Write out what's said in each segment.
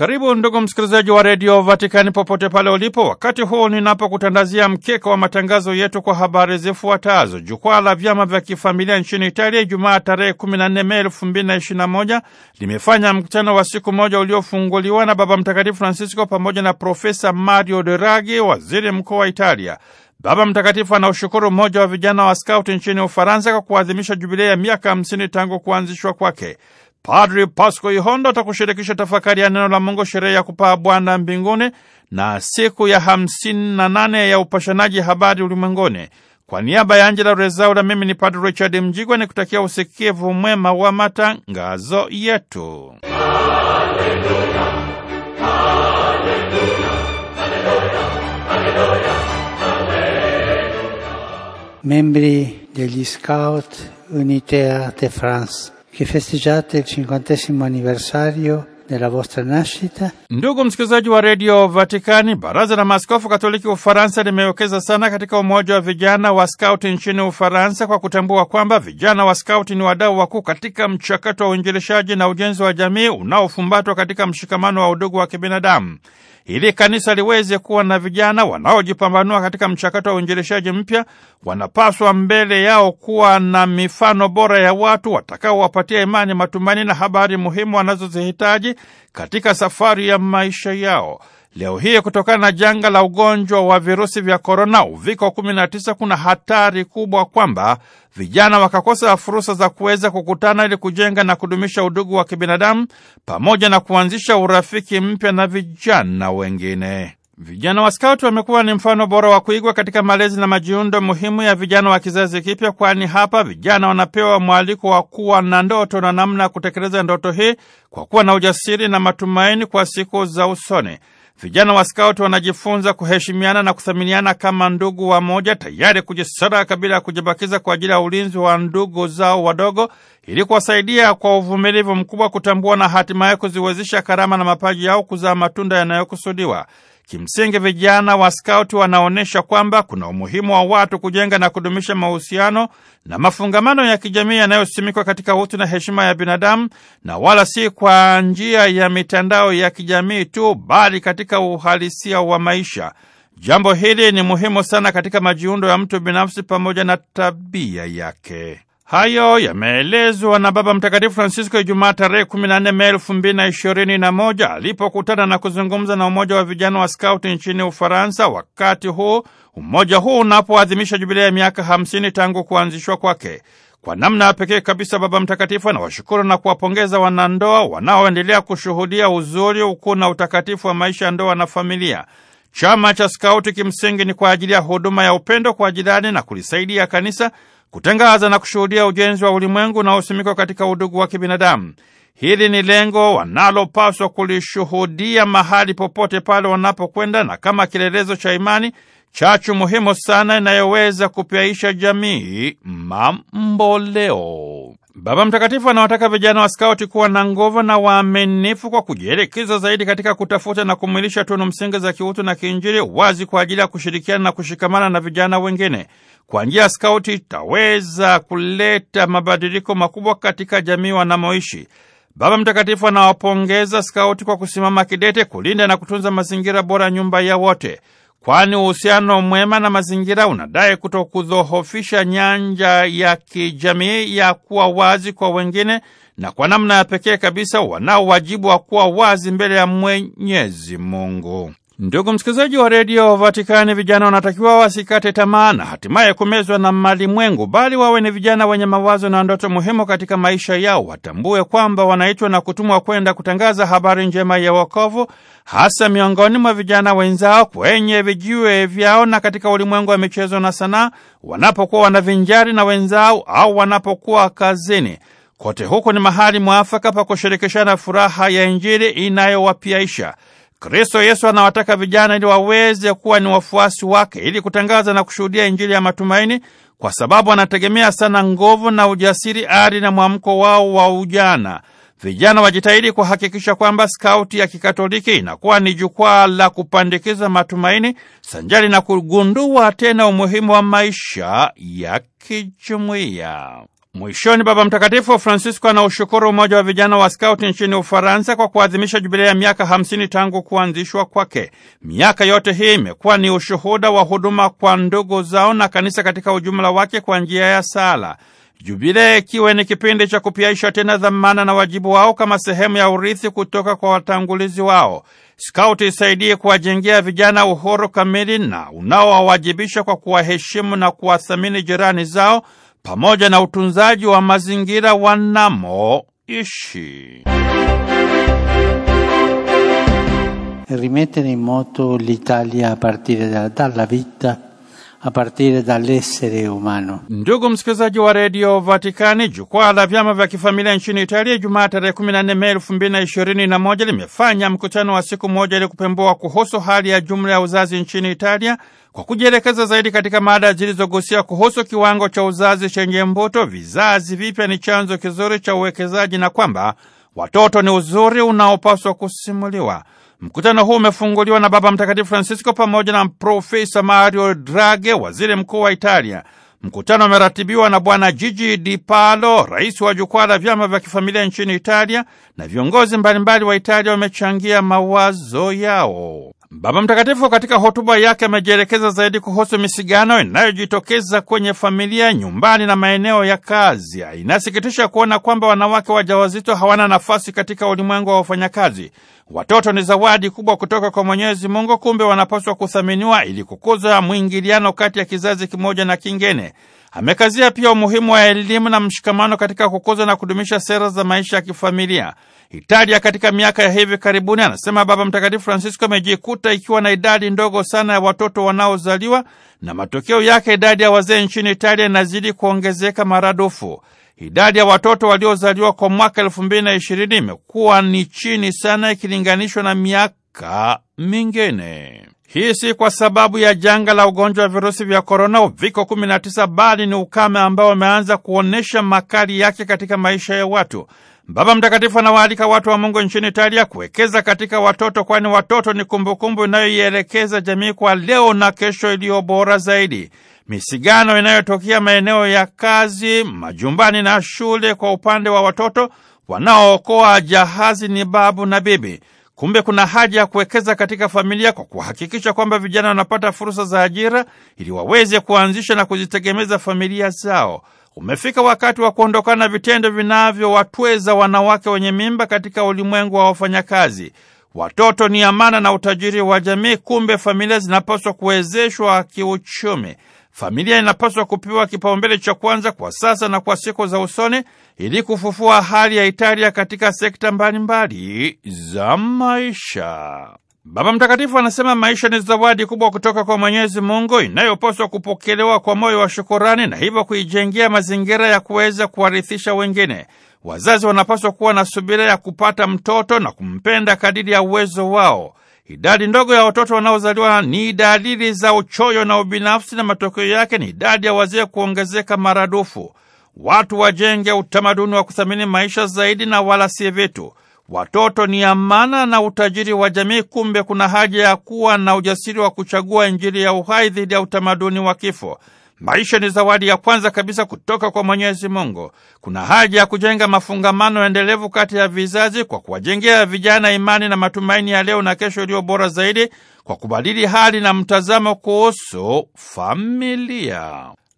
Karibu ndugu msikilizaji wa redio Vatikani popote pale ulipo, wakati huu ninapokutandazia mkeka wa matangazo yetu kwa habari zifuatazo. Jukwaa la vyama vya kifamilia nchini Italia Ijumaa tarehe 14 Mei 2021 limefanya mkutano wa siku moja uliofunguliwa na Baba Mtakatifu Francisco pamoja na Profesa Mario Draghi, waziri mkuu wa Italia. Baba Mtakatifu anaushukuru mmoja wa vijana wa skauti nchini Ufaransa kwa kuadhimisha jubilei ya miaka 50 tangu kuanzishwa kwake. Padri Pasko Ihondo atakushirikisha tafakari ya neno la Mungu, sherehe ya kupaa Bwana mbinguni na siku ya hamsini na nane ya upashanaji habari ulimwenguni. Kwa niaba ya Angela Rezaula, mimi ni Padri Richard Mjigwa ni kutakia usikivu mwema wa matangazo yetu. Membri degli Scout unitea de France che festeggiate il cinquantesimo anniversario della vostra nascita. Ndugu msikilizaji wa redio Vatikani, baraza la maaskofu katoliki Ufaransa limewekeza sana katika umoja wa vijana wa skauti nchini Ufaransa kwa kutambua kwamba vijana wa skauti ni wadau wakuu katika mchakato wa uinjilishaji na ujenzi wa jamii unaofumbatwa katika mshikamano wa udugu wa kibinadamu ili kanisa liweze kuwa na vijana wanaojipambanua katika mchakato wa uinjilishaji mpya, wanapaswa mbele yao kuwa na mifano bora ya watu watakaowapatia imani, matumaini na habari muhimu wanazozihitaji katika safari ya maisha yao. Leo hii kutokana na janga la ugonjwa wa virusi vya korona uviko 19, kuna hatari kubwa kwamba vijana wakakosa fursa za kuweza kukutana ili kujenga na kudumisha udugu wa kibinadamu pamoja na kuanzisha urafiki mpya na vijana wengine. Vijana wa skauti wamekuwa ni mfano bora wa kuigwa katika malezi na majiundo muhimu ya vijana wa kizazi kipya, kwani hapa vijana wanapewa mwaliko wa kuwa na ndoto na namna ya kutekeleza ndoto hii kwa kuwa na ujasiri na matumaini kwa siku za usoni. Vijana wa skauti wanajifunza kuheshimiana na kuthaminiana kama ndugu wa moja, tayari kujisadaka bila ya kujibakiza kwa ajili ya ulinzi wa ndugu zao wadogo, ili kuwasaidia kwa uvumilivu mkubwa kutambua na hatimaye kuziwezesha karama na mapaji yao kuzaa matunda yanayokusudiwa. Kimsingi vijana wa skauti wanaonyesha kwamba kuna umuhimu wa watu kujenga na kudumisha mahusiano na mafungamano ya kijamii yanayosimikwa katika utu na heshima ya binadamu na wala si kwa njia ya mitandao ya kijamii tu, bali katika uhalisia wa maisha. Jambo hili ni muhimu sana katika majiundo ya mtu binafsi pamoja na tabia yake. Hayo yameelezwa na Baba Mtakatifu Francisco Ijumaa tarehe 14 Mei 2021 alipokutana na kuzungumza na umoja wa vijana wa skauti nchini Ufaransa, wakati huu umoja huu unapoadhimisha jubilia ya miaka 50 tangu kuanzishwa kwake. Kwa namna ya pekee kabisa, Baba Mtakatifu anawashukuru na kuwapongeza wanandoa wanaoendelea kushuhudia uzuri, ukuu na utakatifu wa maisha ya ndoa na familia. Chama cha skauti kimsingi ni kwa ajili ya huduma ya upendo kwa jirani na kulisaidia kanisa kutangaza na kushuhudia ujenzi wa ulimwengu unaosimikwa katika udugu wa kibinadamu. Hili ni lengo wanalopaswa kulishuhudia mahali popote pale wanapokwenda, na kama kielelezo cha imani, chachu muhimu sana inayoweza kupyaisha jamii mamboleo. Baba Mtakatifu anawataka vijana wa skauti kuwa na nguvu na waaminifu kwa kujielekeza zaidi katika kutafuta na kumwilisha tunu msingi za kiutu na kiinjili wazi kwa ajili ya kushirikiana na kushikamana na vijana wengine. Kwa njia ya skauti itaweza kuleta mabadiliko makubwa katika jamii wanamoishi. Baba Mtakatifu anawapongeza skauti kwa kusimama kidete kulinda na kutunza mazingira bora, nyumba ya wote kwani uhusiano mwema na mazingira unadai kutokudhoofisha nyanja ya kijamii ya kuwa wazi kwa wengine na kwa namna ya pekee kabisa wanao wajibu wa kuwa wazi mbele ya Mwenyezi Mungu. Ndugu msikilizaji wa redio Vatikani, vijana wanatakiwa wasikate tamaa na hatimaye kumezwa na malimwengu, bali wawe ni vijana wenye mawazo na ndoto muhimu katika maisha yao. Watambue kwamba wanaitwa na kutumwa kwenda kutangaza habari njema ya wokovu, hasa miongoni mwa vijana wenzao, kwenye vijiwe vyao na katika ulimwengu wa michezo na sanaa, wanapokuwa wanavinjari na wenzao au wanapokuwa kazini. Kote huku ni mahali mwafaka pa kushirikishana furaha ya Injili inayowapiaisha. Kristo Yesu anawataka vijana ili waweze kuwa ni wafuasi wake ili kutangaza na kushuhudia Injili ya matumaini, kwa sababu anategemea sana nguvu na ujasiri, ari na mwamko wao wa ujana. Vijana wajitahidi kuhakikisha kwamba skauti ya Kikatoliki inakuwa ni jukwaa la kupandikiza matumaini sanjari na kugundua tena umuhimu wa maisha ya kijumuiya. Mwishoni, Baba Mtakatifu Francisco anaushukuru umoja wa vijana wa skauti nchini Ufaransa kwa kuadhimisha jubilei ya miaka hamsini tangu kuanzishwa kwake. Miaka yote hii imekuwa ni ushuhuda wa huduma kwa ndugu zao na kanisa katika ujumla wake kwa njia ya sala. Jubilei ikiwe ni kipindi cha kupiaisha tena dhamana na wajibu wao kama sehemu ya urithi kutoka kwa watangulizi wao. Skauti isaidie kuwajengea vijana uhuru kamili na unaowawajibisha kwa kuwaheshimu na kuwathamini jirani zao pamoja na utunzaji wa mazingira wanamoishi. Rimettere in moto l'Italia a partire dalla, dalla vita a partire dall'essere umano. Ndugu msikilizaji wa redio Vatikani, jukwaa la vyama vya kifamilia nchini Italia Jumaa tarehe 14 Mei 2021 limefanya mkutano wa siku moja ili kupembua kuhusu hali ya jumla ya uzazi nchini Italia kwa kujielekeza zaidi katika mada zilizogusia kuhusu kiwango cha uzazi chenye mbuto, vizazi vipya ni chanzo kizuri cha uwekezaji, na kwamba watoto ni uzuri unaopaswa kusimuliwa. Mkutano huu umefunguliwa na Baba Mtakatifu Francisco pamoja na Profesa Mario Draghi, waziri mkuu wa Italia. Mkutano umeratibiwa na Bwana Gigi Di Palo, rais wa jukwaa la vyama vya kifamilia nchini Italia, na viongozi mbalimbali wa Italia wamechangia mawazo yao. Baba Mtakatifu katika hotuba yake amejielekeza zaidi kuhusu misigano inayojitokeza kwenye familia, nyumbani na maeneo ya kazi. Inasikitisha kuona kwamba wanawake wajawazito hawana nafasi katika ulimwengu wa wafanyakazi. Watoto ni zawadi kubwa kutoka kwa Mwenyezi Mungu, kumbe wanapaswa kuthaminiwa ili kukuza mwingiliano kati ya kizazi kimoja na kingine. Amekazia pia umuhimu wa elimu na mshikamano katika kukuza na kudumisha sera za maisha ya kifamilia. Italia katika miaka ya hivi karibuni, anasema Baba Mtakatifu Francisco, amejikuta ikiwa na idadi ndogo sana ya watoto wanaozaliwa na matokeo yake idadi ya wazee nchini Italia inazidi kuongezeka maradufu. Idadi ya watoto waliozaliwa kwa mwaka elfu mbili na ishirini imekuwa ni chini sana ikilinganishwa na miaka mingine. Hii si kwa sababu ya janga la ugonjwa wa virusi vya korona uviko 19, bali ni ukame ambao umeanza kuonyesha makali yake katika maisha ya watu. Baba Mtakatifu anawaalika watu wa Mungu nchini Italia kuwekeza katika watoto, kwani watoto ni kumbukumbu inayoielekeza jamii kwa leo na kesho iliyo bora zaidi. Misigano inayotokea maeneo ya kazi, majumbani na shule kwa upande wa watoto wanaookoa jahazi ni babu na bibi. Kumbe kuna haja ya kuwekeza katika familia kwa kuhakikisha kwamba vijana wanapata fursa za ajira ili waweze kuanzisha na kuzitegemeza familia zao. Umefika wakati wa kuondokana na vitendo vinavyowatweza wanawake wenye mimba katika ulimwengu wa wafanyakazi. Watoto ni amana na utajiri wa jamii, kumbe familia zinapaswa kuwezeshwa kiuchumi. Familia inapaswa kupewa kipaumbele cha kwanza kwa sasa na kwa siku za usoni ili kufufua hali ya Italia katika sekta mbalimbali za maisha. Baba Mtakatifu anasema maisha ni zawadi kubwa kutoka kwa Mwenyezi Mungu inayopaswa kupokelewa kwa moyo wa shukurani na hivyo kuijengea mazingira ya kuweza kuwarithisha wengine. Wazazi wanapaswa kuwa na subira ya kupata mtoto na kumpenda kadiri ya uwezo wao. Idadi ndogo ya watoto wanaozaliwa ni dalili za uchoyo na ubinafsi, na matokeo yake ni idadi ya wazee kuongezeka maradufu. Watu wajenge utamaduni wa kuthamini maisha zaidi na wala si vitu. Watoto ni amana na utajiri wa jamii. Kumbe kuna haja ya kuwa na ujasiri wa kuchagua Injili ya uhai dhidi ya utamaduni wa kifo. Maisha ni zawadi ya kwanza kabisa kutoka kwa Mwenyezi Mungu. Kuna haja ya kujenga mafungamano endelevu kati ya vizazi kwa kuwajengea vijana imani na matumaini ya leo na kesho iliyo bora zaidi kwa kubadili hali na mtazamo kuhusu familia.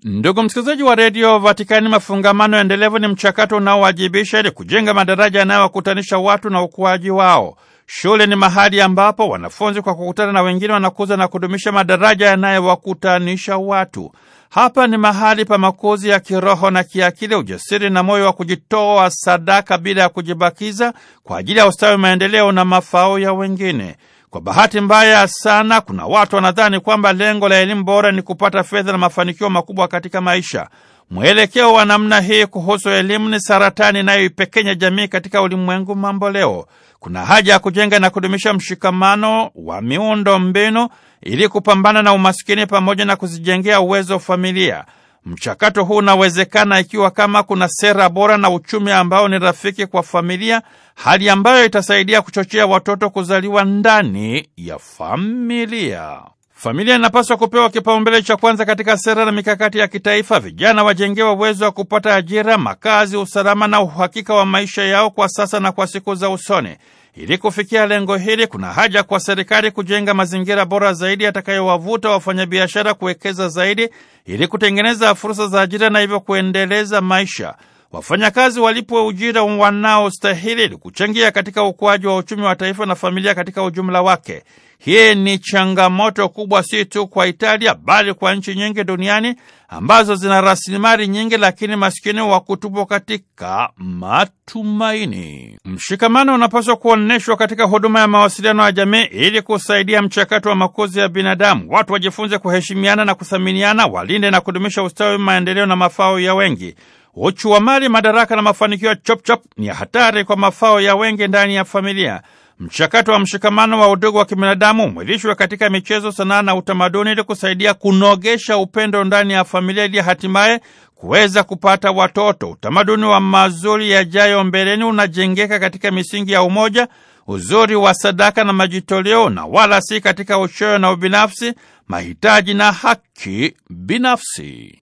Ndugu msikilizaji wa redio Vatikani, mafungamano endelevu ni mchakato unaowajibisha ili kujenga madaraja yanayowakutanisha watu na ukuaji wao. Shule ni mahali ambapo wanafunzi kwa kukutana na wengine wanakuza na kudumisha madaraja yanayowakutanisha watu. Hapa ni mahali pa makuzi ya kiroho na kiakili, ujasiri na moyo wa kujitoa sadaka bila ya kujibakiza kwa ajili ya ustawi, maendeleo na mafao ya wengine. Kwa bahati mbaya sana, kuna watu wanadhani kwamba lengo la elimu bora ni kupata fedha na mafanikio makubwa katika maisha. Mwelekeo wa namna hii kuhusu elimu ni saratani inayoipekenya jamii katika ulimwengu mambo leo. Kuna haja ya kujenga na kudumisha mshikamano wa miundo mbinu ili kupambana na umaskini pamoja na kuzijengea uwezo familia. Mchakato huu unawezekana ikiwa kama kuna sera bora na uchumi ambao ni rafiki kwa familia, hali ambayo itasaidia kuchochea watoto kuzaliwa ndani ya familia. Familia inapaswa kupewa kipaumbele cha kwanza katika sera na mikakati ya kitaifa. Vijana wajengewa uwezo wa kupata ajira, makazi, usalama na uhakika wa maisha yao kwa sasa na kwa siku za usoni. Ili kufikia lengo hili, kuna haja kwa serikali kujenga mazingira bora zaidi yatakayowavuta wafanyabiashara kuwekeza zaidi, ili kutengeneza fursa za ajira na hivyo kuendeleza maisha wafanyakazi walipwe ujira wanaostahili ili kuchangia katika ukuaji wa uchumi wa taifa na familia katika ujumla wake. Hii ni changamoto kubwa si tu kwa Italia bali kwa nchi nyingi duniani ambazo zina rasilimali nyingi lakini maskini wa kutupwa katika matumaini. Mshikamano unapaswa kuonyeshwa katika huduma ya mawasiliano ya jamii ili kusaidia mchakato wa makuzi ya binadamu. Watu wajifunze kuheshimiana na kuthaminiana, walinde na kudumisha ustawi, maendeleo na mafao ya wengi. Uchu wa mali, madaraka na mafanikio ya chopchop ni hatari kwa mafao ya wengi ndani ya familia. Mchakato wa mshikamano wa udugu wa kibinadamu umwilishwe katika michezo, sanaa na utamaduni ili kusaidia kunogesha upendo ndani ya familia ili hatimaye kuweza kupata watoto. Utamaduni wa mazuri yajayo mbeleni unajengeka katika misingi ya umoja, uzuri wa sadaka na majitoleo, na wala si katika uchoyo na ubinafsi, mahitaji na haki binafsi.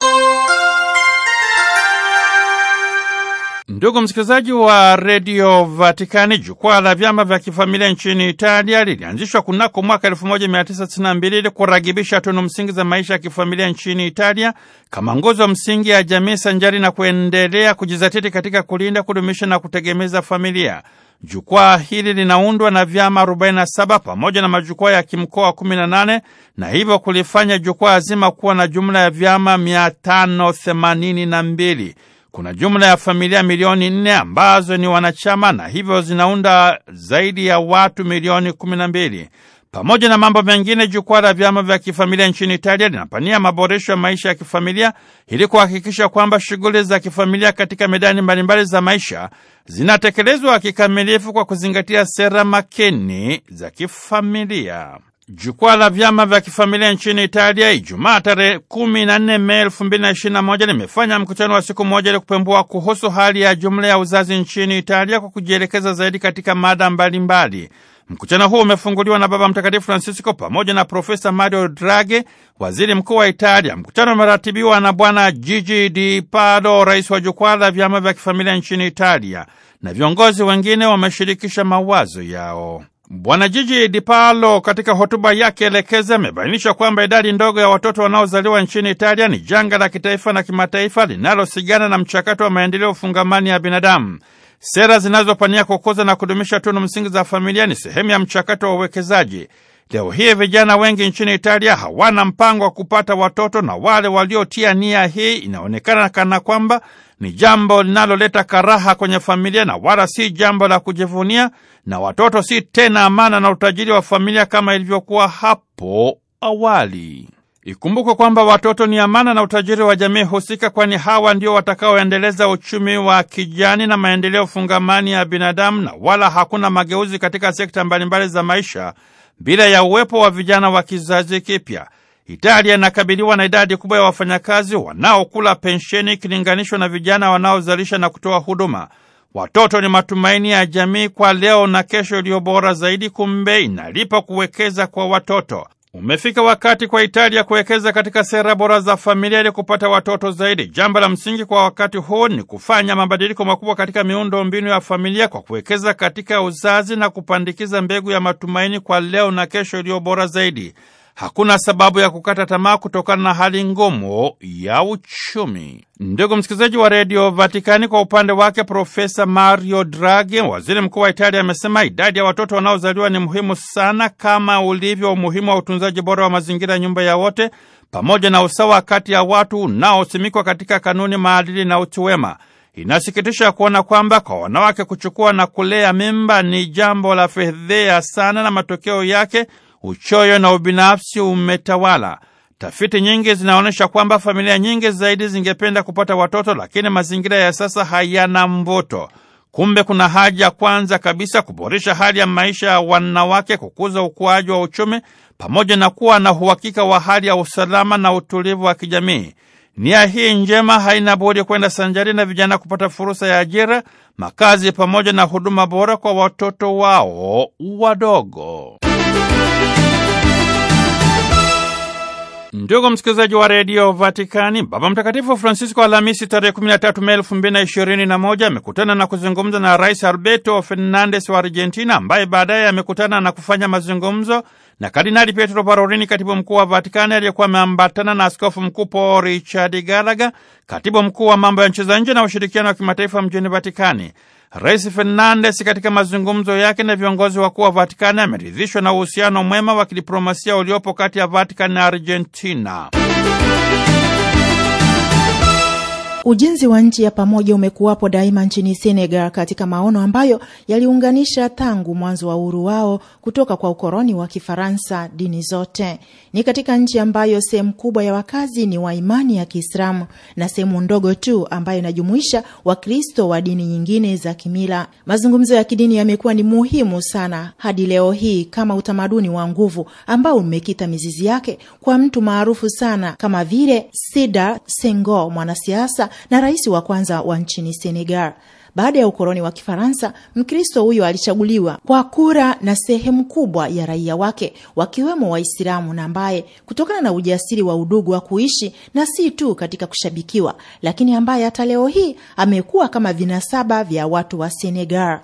Ndugu msikilizaji wa redio Vatikani, jukwaa la vyama vya kifamilia nchini Italia lilianzishwa kunako mwaka 1992 ili kuragibisha tunu msingi za maisha ya kifamilia nchini Italia kama nguzo msingi ya jamii, sanjari na kuendelea kujizatiti katika kulinda, kudumisha na kutegemeza familia. Jukwaa hili linaundwa na vyama 47 pamoja na majukwaa ya kimkoa 18 na hivyo kulifanya jukwaa zima kuwa na jumla ya vyama 582. Kuna jumla ya familia milioni nne ambazo ni wanachama na hivyo zinaunda zaidi ya watu milioni kumi na mbili. Pamoja na mambo mengine, jukwaa la vyama vya kifamilia nchini Italia linapania maboresho ya maisha ya kifamilia ili kuhakikisha kwamba shughuli za kifamilia katika medani mbalimbali za maisha zinatekelezwa kikamilifu kwa kuzingatia sera makini za kifamilia. Jukwaa la vyama vya kifamilia nchini Italia Ijumaa tarehe nne Mei moja limefanya mkutano wa siku moja ili kupembua kuhusu hali ya jumla ya uzazi nchini Italia kwa kujielekeza zaidi katika mada mbalimbali. Mkutano huu umefunguliwa na Baba Mtakatifu Francisco pamoja na Profesa Mario Draghi, waziri mkuu wa Italia. Mkutano umeratibiwa na Bwana Gigi Di pado rais wa jukwaa la vyama vya kifamilia nchini Italia, na viongozi wengine wameshirikisha mawazo yao. Bwana Jiji Dipalo katika hotuba yake elekeza amebainisha kwamba idadi ndogo ya watoto wanaozaliwa nchini Italia ni janga la kitaifa na kimataifa linalosigana na mchakato wa maendeleo fungamani ya binadamu. Sera zinazopania kukuza na kudumisha tunu msingi za familia ni sehemu ya mchakato wa uwekezaji. Leo hii vijana wengi nchini Italia hawana mpango wa kupata watoto, na wale waliotia nia hii inaonekana kana kwamba ni jambo linaloleta karaha kwenye familia na wala si jambo la kujivunia, na watoto si tena amana na utajiri wa familia kama ilivyokuwa hapo awali. Ikumbukwe kwamba watoto ni amana na utajiri wa jamii husika, kwani hawa ndio watakaoendeleza uchumi wa kijani na maendeleo fungamani ya binadamu, na wala hakuna mageuzi katika sekta mbalimbali za maisha bila ya uwepo wa vijana wa kizazi kipya, Italia inakabiliwa na idadi kubwa ya wafanyakazi wanaokula pensheni ikilinganishwa na vijana wanaozalisha na kutoa huduma. Watoto ni matumaini ya jamii kwa leo na kesho iliyo bora zaidi, kumbe inalipa kuwekeza kwa watoto. Umefika wakati kwa Italia kuwekeza katika sera bora za familia ili kupata watoto zaidi. Jambo la msingi kwa wakati huu ni kufanya mabadiliko makubwa katika miundo mbinu ya familia kwa kuwekeza katika uzazi na kupandikiza mbegu ya matumaini kwa leo na kesho iliyo bora zaidi hakuna sababu ya kukata tamaa kutokana na hali ngumu ya uchumi. Ndugu msikilizaji wa redio Vatikani, kwa upande wake Profesa Mario Draghi, waziri mkuu wa Italia, amesema idadi ya watoto wanaozaliwa ni muhimu sana, kama ulivyo umuhimu wa utunzaji bora wa mazingira, nyumba ya wote, pamoja na usawa kati ya watu unaosimikwa katika kanuni, maadili na utu wema. Inasikitisha kuona kwamba kwa wanawake kuchukua na kulea mimba ni jambo la fedhea sana, na matokeo yake uchoyo na ubinafsi umetawala. Tafiti nyingi zinaonyesha kwamba familia nyingi zaidi zingependa kupata watoto, lakini mazingira ya sasa hayana mvuto. Kumbe kuna haja kwanza kabisa kuboresha hali ya maisha ya wanawake, kukuza ukuaji wa uchumi, pamoja na kuwa na uhakika wa hali ya usalama na utulivu wa kijamii. Nia hii njema haina budi kwenda sanjari na vijana kupata fursa ya ajira, makazi, pamoja na huduma bora kwa watoto wao wadogo. Ndugu msikilizaji wa redio Vatikani, Baba Mtakatifu Francisco Alhamisi tarehe 13 Mei 2021 amekutana na kuzungumza na Rais Alberto Fernandes wa Argentina, ambaye baadaye amekutana na kufanya mazungumzo na Kardinali Pietro Parolini, katibu mkuu wa Vatikani, aliyekuwa ameambatana na askofu mkuu Paul Richard Gallagher, katibu mkuu wa mambo ya nchi za nje na ushirikiano wa kimataifa mjini Vatikani. Rais Fernandes katika mazungumzo yake na viongozi wakuu wa Vatikani ameridhishwa na uhusiano mwema wa kidiplomasia uliopo kati ya Vatikani na Argentina. Ujenzi wa nchi ya pamoja umekuwapo daima nchini Senegal katika maono ambayo yaliunganisha tangu mwanzo wa uhuru wao kutoka kwa ukoloni wa Kifaransa dini zote. Ni katika nchi ambayo sehemu kubwa ya wakazi ni wa imani ya Kiislamu na sehemu ndogo tu ambayo inajumuisha Wakristo wa dini nyingine za kimila. Mazungumzo ya kidini yamekuwa ni muhimu sana hadi leo hii kama utamaduni wa nguvu ambao umekita mizizi yake kwa mtu maarufu sana kama vile sida Senghor, mwanasiasa na rais wa kwanza wa nchini Senegal. Baada ya ukoloni wa Kifaransa, Mkristo huyo alichaguliwa kwa kura na sehemu kubwa ya raia wake wakiwemo Waislamu, na ambaye kutokana na ujasiri wa udugu wa kuishi na si tu katika kushabikiwa, lakini ambaye hata leo hii amekuwa kama vinasaba vya watu wa Senegal.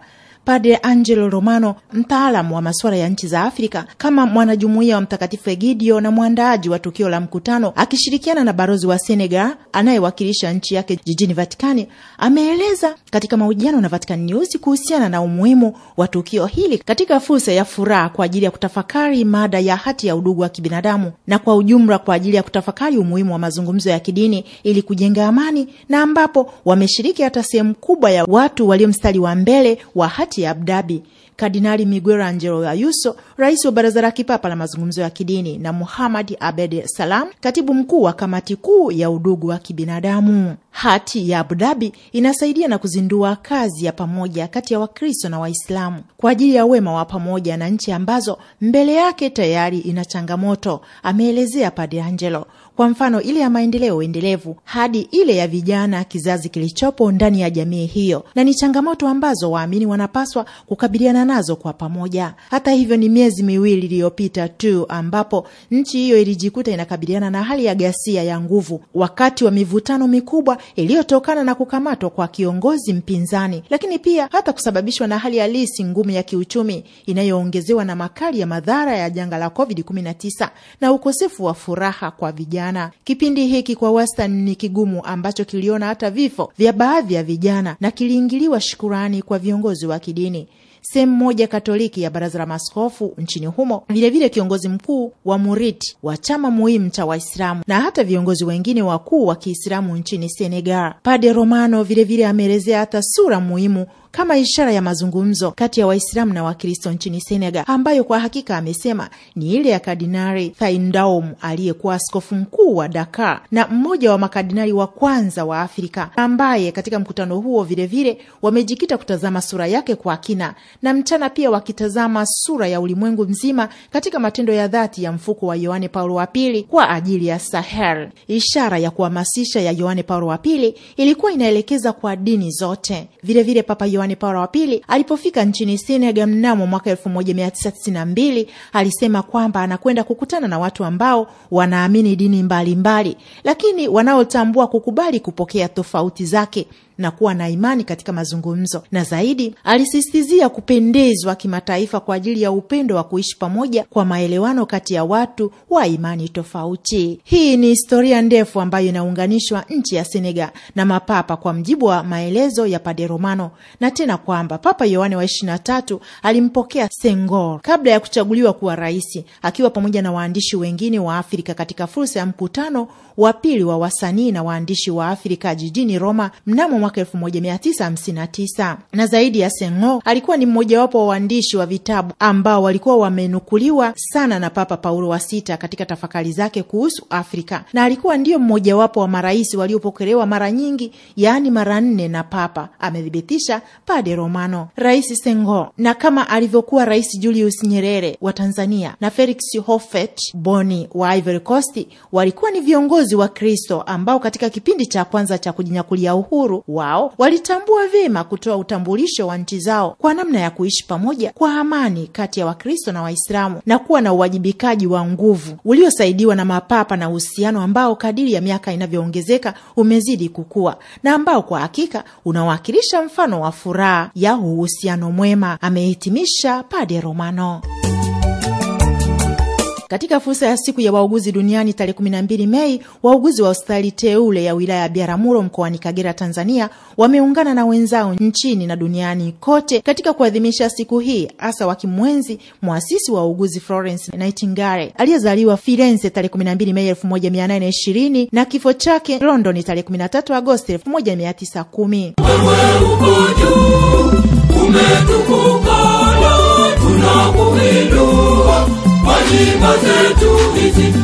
Padre Angelo Romano, mtaalamu wa masuala ya nchi za Afrika, kama mwanajumuiya wa Mtakatifu Egidio na mwandaaji wa tukio la mkutano, akishirikiana na balozi wa Senegal anayewakilisha nchi yake jijini Vatikani, ameeleza katika mahojiano na Vatican News kuhusiana na umuhimu wa tukio hili katika fursa ya furaha kwa ajili ya kutafakari mada ya hati ya udugu wa kibinadamu na kwa ujumla kwa ajili ya kutafakari umuhimu wa mazungumzo ya kidini ili kujenga amani, na ambapo wameshiriki hata sehemu kubwa ya watu walio mstari wa mbele wa hati kaunti ya Abdabi, Kardinali Miguel Angelo Ayuso, rais wa Baraza la Kipapa la Mazungumzo ya Kidini, na Muhamad Abed Salam, katibu mkuu wa Kamati Kuu ya Udugu wa Kibinadamu. Hati ya abudabi inasaidia na kuzindua kazi ya pamoja kati ya Wakristo na Waislamu kwa ajili ya wema wa pamoja na nchi ambazo mbele yake tayari ina changamoto, ameelezea Padre Angelo kwa mfano ile ya maendeleo endelevu hadi ile ya vijana, kizazi kilichopo ndani ya jamii hiyo, na ni changamoto ambazo waamini wanapaswa kukabiliana nazo kwa pamoja. Hata hivyo, ni miezi miwili iliyopita tu ambapo nchi hiyo ilijikuta inakabiliana na hali ya ghasia ya nguvu wakati wa mivutano mikubwa iliyotokana na kukamatwa kwa kiongozi mpinzani, lakini pia hata kusababishwa na hali halisi ngumu ya kiuchumi inayoongezewa na makali ya madhara ya janga la COVID-19 na ukosefu wa furaha kwa vijana vijana. Kipindi hiki kwa wastani ni kigumu, ambacho kiliona hata vifo vya baadhi ya vijana na kiliingiliwa shukurani kwa viongozi wa kidini sehemu moja Katoliki ya Baraza la maskofu nchini humo, vilevile kiongozi mkuu wa muriti wa chama muhimu cha Waislamu na hata viongozi wengine wakuu wa Kiislamu nchini Senegal. Pade Romano vilevile ameelezea hata sura muhimu kama ishara ya mazungumzo kati ya Waislamu na Wakristo nchini Senegal, ambayo kwa hakika amesema ni ile ya Kardinali Thaindaum aliyekuwa askofu mkuu wa Dakar na mmoja wa makardinali wa kwanza wa Afrika, ambaye katika mkutano huo vilevile vile, wamejikita kutazama sura yake kwa kina, na mchana pia wakitazama sura ya ulimwengu mzima katika matendo ya dhati ya mfuko wa Yohane Paulo wa pili kwa ajili ya Sahel. Ishara ya kuhamasisha ya Yohane Paulo wa pili ilikuwa inaelekeza kwa dini zote vilevile vile Papa Yohane Yohane Paulo wa Pili alipofika nchini Sinega mnamo mwaka 1992 alisema kwamba anakwenda kukutana na watu ambao wanaamini dini mbalimbali mbali, lakini wanaotambua kukubali kupokea tofauti zake na kuwa na imani katika mazungumzo, na zaidi alisisitizia kupendezwa kimataifa kwa ajili ya upendo wa kuishi pamoja kwa maelewano kati ya watu wa imani tofauti. Hii ni historia ndefu ambayo inaunganishwa nchi ya Senegal na mapapa kwa mjibu wa maelezo ya Pade Romano, na tena kwamba Papa Yohane wa 23 alimpokea Senghor kabla ya kuchaguliwa kuwa rais, akiwa pamoja na waandishi wengine wa Afrika katika fursa ya mkutano wa pili wa wasanii na waandishi wa Afrika jijini Roma mnamo mwaka na zaidi ya sengo alikuwa ni mmojawapo wa waandishi wa vitabu ambao walikuwa wamenukuliwa sana na Papa Paulo wa Sita katika tafakari zake kuhusu Afrika, na alikuwa ndiyo mmojawapo wa marais waliopokelewa mara nyingi, yaani mara nne na Papa, amethibitisha Pade Romano. Rais sengo na kama alivyokuwa Rais Julius Nyerere wa Tanzania na Felix Hofet boni wa Ivory Coast walikuwa ni viongozi wa Kristo ambao katika kipindi cha kwanza cha kujinyakulia uhuru wao walitambua vyema kutoa utambulisho wa nchi zao kwa namna ya kuishi pamoja kwa amani kati ya Wakristo na Waislamu na kuwa na uwajibikaji wa nguvu uliosaidiwa na mapapa na uhusiano ambao kadiri ya miaka inavyoongezeka umezidi kukua na ambao kwa hakika unawakilisha mfano wa furaha ya uhusiano mwema, amehitimisha Pade Romano. Katika fursa ya siku ya wauguzi duniani tarehe 12 Mei, wauguzi wa hospitali teule ya wilaya ya Biaramuro mkoani Kagera, Tanzania, wameungana na wenzao nchini na duniani kote katika kuadhimisha siku hii, hasa wakimwenzi mwasisi wa wauguzi Florence Nightingale aliyezaliwa Firenze tarehe 12 Mei 1820 na kifo chake Londoni tarehe 13 Agosti 1910. Wewe uko tunakuinua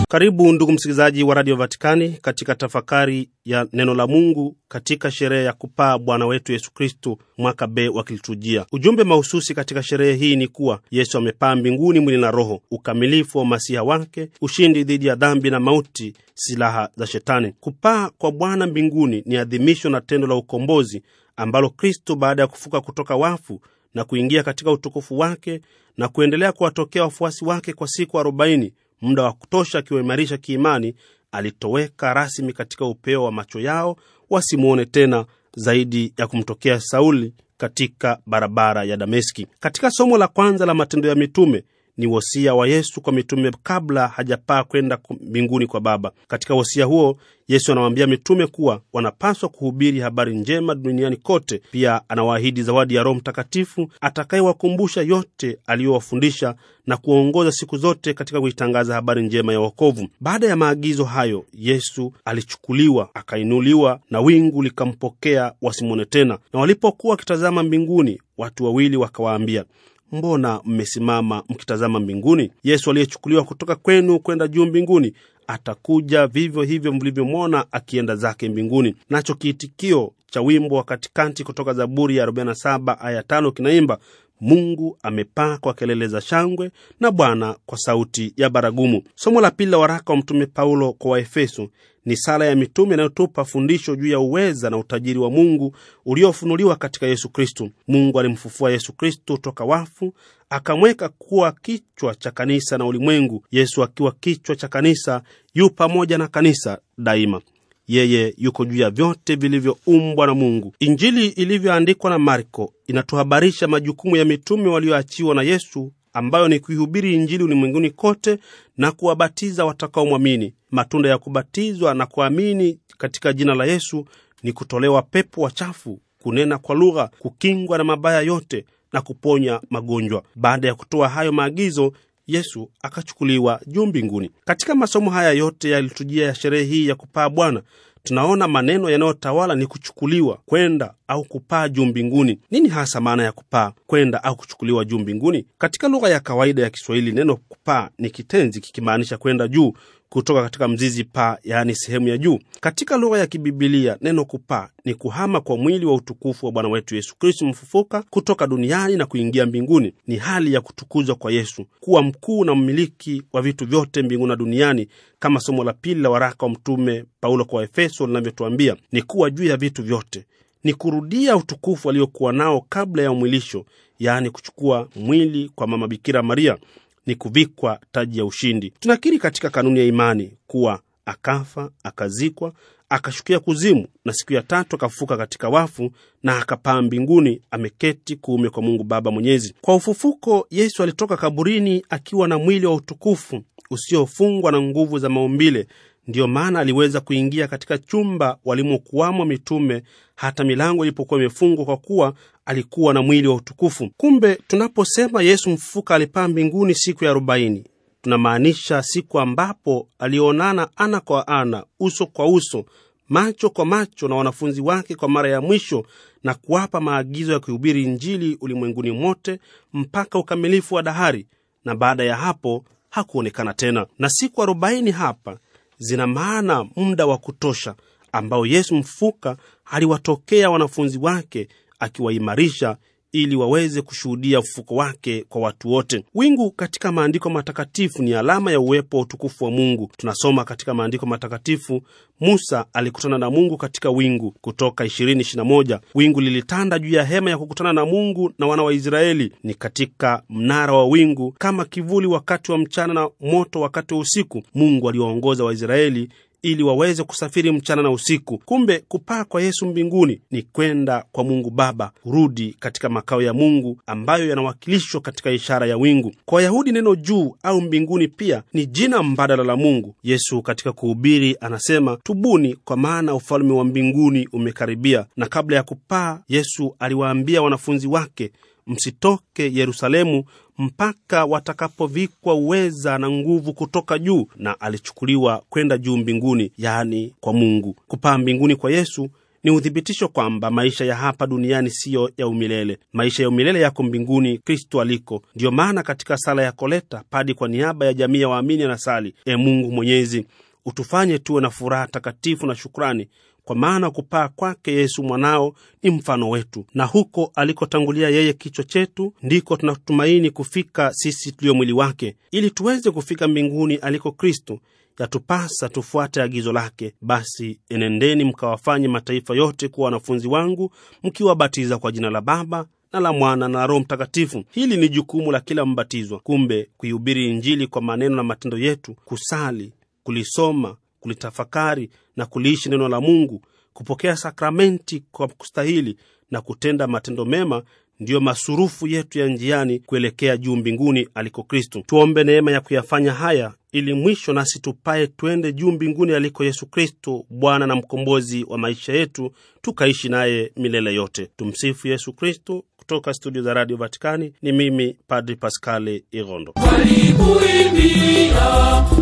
karibu ndugu msikilizaji wa Radio Vatikani katika tafakari ya neno la Mungu katika sherehe ya kupaa Bwana wetu Yesu Kristu mwaka B wa kiliturujia. Ujumbe mahususi katika sherehe hii ni kuwa Yesu amepaa mbinguni mwili na roho, ukamilifu wa masiha wake, ushindi dhidi ya dhambi na mauti, silaha za Shetani. Kupaa kwa Bwana mbinguni ni adhimisho na tendo la ukombozi ambalo Kristo baada ya kufuka kutoka wafu na kuingia katika utukufu wake na kuendelea kuwatokea wafuasi wake kwa siku 40, muda wa kutosha akiwaimarisha kiimani, alitoweka rasmi katika upeo wa macho yao, wasimwone tena zaidi ya kumtokea Sauli katika barabara ya Dameski. Katika somo la kwanza la Matendo ya Mitume ni wosia wa Yesu kwa mitume kabla hajapaa kwenda mbinguni kwa Baba. Katika wosia huo, Yesu anawaambia mitume kuwa wanapaswa kuhubiri habari njema duniani kote. Pia anawaahidi zawadi ya Roho Mtakatifu atakayewakumbusha yote aliyowafundisha na kuwaongoza siku zote katika kuitangaza habari njema ya wokovu. Baada ya maagizo hayo, Yesu alichukuliwa, akainuliwa na wingu likampokea, wasimwone tena. Na walipokuwa wakitazama mbinguni, watu wawili wakawaambia mbona mmesimama mkitazama mbinguni? Yesu aliyechukuliwa kutoka kwenu kwenda juu mbinguni atakuja vivyo hivyo mlivyomwona akienda zake mbinguni. Nacho kiitikio cha wimbo wa katikati kutoka Zaburi ya 47 aya 5 kinaimba Mungu amepaa kwa kelele za shangwe na Bwana kwa sauti ya baragumu. Somo la pili la waraka wa Mtume Paulo kwa Waefeso ni sala ya mitume inayotupa fundisho juu ya uweza na utajiri wa Mungu uliofunuliwa katika Yesu Kristu. Mungu alimfufua Yesu Kristu toka wafu, akamweka kuwa kichwa cha kanisa na ulimwengu. Yesu akiwa kichwa cha kanisa, yu pamoja na kanisa daima yeye yuko juu ya vyote vilivyoumbwa na Mungu. Injili ilivyoandikwa na Marko inatuhabarisha majukumu ya mitume walioachiwa na Yesu ambayo ni kuihubiri Injili ulimwenguni kote na kuwabatiza watakaomwamini. Matunda ya kubatizwa na kuamini katika jina la Yesu ni kutolewa pepo wachafu, kunena kwa lugha, kukingwa na mabaya yote na kuponya magonjwa. Baada ya kutoa hayo maagizo, Yesu akachukuliwa juu mbinguni. Katika masomo haya yote yalitujia ya sherehe hii ya kupaa Bwana, tunaona maneno yanayotawala ni kuchukuliwa, kwenda au kupaa juu mbinguni. Nini hasa maana ya kupaa, kwenda au kuchukuliwa juu mbinguni? Katika lugha ya kawaida ya Kiswahili, neno kupaa ni kitenzi kikimaanisha kwenda juu, kutoka katika mzizi pa, yaani sehemu ya juu. Katika lugha ya kibibilia neno kupaa ni kuhama kwa mwili wa utukufu wa Bwana wetu Yesu kristu mfufuka kutoka duniani na kuingia mbinguni. Ni hali ya kutukuzwa kwa Yesu kuwa mkuu na mmiliki wa vitu vyote mbinguni na duniani, kama somo la pili la waraka wa Mtume Paulo kwa Efeso linavyotuambia, ni kuwa juu ya vitu vyote ni kurudia utukufu aliokuwa nao kabla ya umwilisho, yaani kuchukua mwili kwa Mama Bikira Maria ni kuvikwa taji ya ushindi. Tunakiri katika kanuni ya imani kuwa akafa, akazikwa, akashukia kuzimu, na siku ya tatu akafufuka katika wafu, na akapaa mbinguni, ameketi kuume kwa Mungu Baba Mwenyezi. Kwa ufufuko, Yesu alitoka kaburini akiwa na mwili wa utukufu usiofungwa na nguvu za maumbile Ndiyo maana aliweza kuingia katika chumba walimokuwamwa mitume hata milango ilipokuwa imefungwa, kwa kuwa alikuwa na mwili wa utukufu. Kumbe tunaposema Yesu mfuka alipaa mbinguni siku ya arobaini, tunamaanisha siku ambapo alionana ana kwa ana, uso kwa uso, macho kwa macho na wanafunzi wake kwa mara ya mwisho na kuwapa maagizo ya kuhubiri Injili ulimwenguni mote mpaka ukamilifu wa dahari, na baada ya hapo hakuonekana tena. Na siku arobaini hapa zina maana muda wa kutosha ambao Yesu mfuka aliwatokea wanafunzi wake akiwaimarisha ili waweze kushuhudia ufufuko wake kwa watu wote. Wingu katika maandiko matakatifu ni alama ya uwepo wa utukufu wa Mungu. Tunasoma katika maandiko matakatifu, Musa alikutana na Mungu katika wingu, Kutoka 20:21. Wingu lilitanda juu ya hema ya kukutana na Mungu na wana wa Israeli, ni katika mnara wa wingu, kama kivuli wakati wa mchana na moto wakati wa usiku. Mungu aliwaongoza Waisraeli ili waweze kusafiri mchana na usiku. Kumbe kupaa kwa Yesu mbinguni ni kwenda kwa Mungu Baba, kurudi katika makao ya Mungu ambayo yanawakilishwa katika ishara ya wingu. Kwa Wayahudi, neno juu au mbinguni pia ni jina mbadala la Mungu. Yesu katika kuhubiri anasema, tubuni kwa maana ufalme wa mbinguni umekaribia. Na kabla ya kupaa, Yesu aliwaambia wanafunzi wake, msitoke Yerusalemu mpaka watakapovikwa uweza na nguvu kutoka juu, na alichukuliwa kwenda juu mbinguni, yaani kwa Mungu. Kupaa mbinguni kwa Yesu ni uthibitisho kwamba maisha ya hapa duniani siyo ya umilele. Maisha ya umilele yako mbinguni, kristu aliko. Ndiyo maana katika sala ya Koleta Padi kwa niaba ya jamii ya waamini anasali: E Mungu Mwenyezi, utufanye tuwe na furaha takatifu na shukrani kwa maana kupaa kwake Yesu mwanao ni mfano wetu, na huko alikotangulia yeye kichwa chetu, ndiko tunatumaini kufika sisi tuliyo mwili wake. Ili tuweze kufika mbinguni aliko kristu yatupasa tufuate agizo lake: basi enendeni mkawafanye mataifa yote kuwa wanafunzi wangu, mkiwabatiza kwa jina la Baba na la Mwana na Roho Mtakatifu. Hili ni jukumu la kila mbatizwa. Kumbe kuihubiri Injili kwa maneno na matendo yetu, kusali, kulisoma kulitafakari na kuliishi neno la Mungu, kupokea sakramenti kwa kustahili na kutenda matendo mema ndiyo masurufu yetu ya njiani kuelekea juu mbinguni aliko Kristu. Tuombe neema ya kuyafanya haya ili mwisho nasi tupaye twende juu mbinguni aliko Yesu kristu Bwana na mkombozi wa maisha yetu, tukaishi naye milele yote. Tumsifu Yesu kristu kutoka studio za Radio Vatikani ni mimi Padri Paskali Igondo. Walikuimbia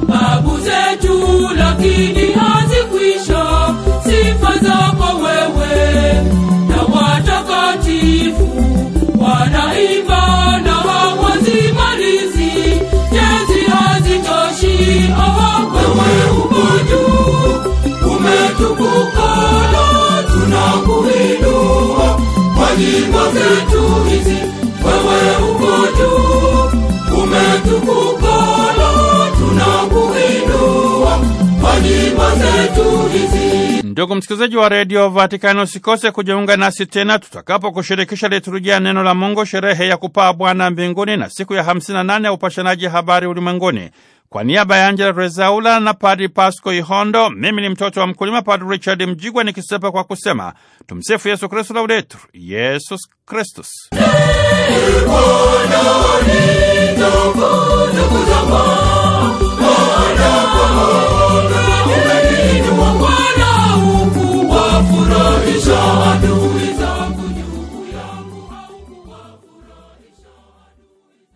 babu zetu, lakini hazikwisha sifa zako wewe, na watakatifu wanaimba na hawazimalizi, jezi hazitoshi. Awe uko juu umetukuka Ndugu msikilizaji wa redio Vatikani, usikose kujiunga nasi tena tutakapo kushirikisha liturujia neno la Mungu, sherehe ya kupaa Bwana mbinguni na siku ya 58 ya upashanaji habari ulimwenguni. Kwa niaba ya Angela Rezaula na Padri Pasco Ihondo, mimi ni mtoto wa mkulima Padri Richard Mjigwa nikisepa kwa kusema tumsifu Yesu Kristu, laudetur Yesus Kristus kuwafurahisha adui.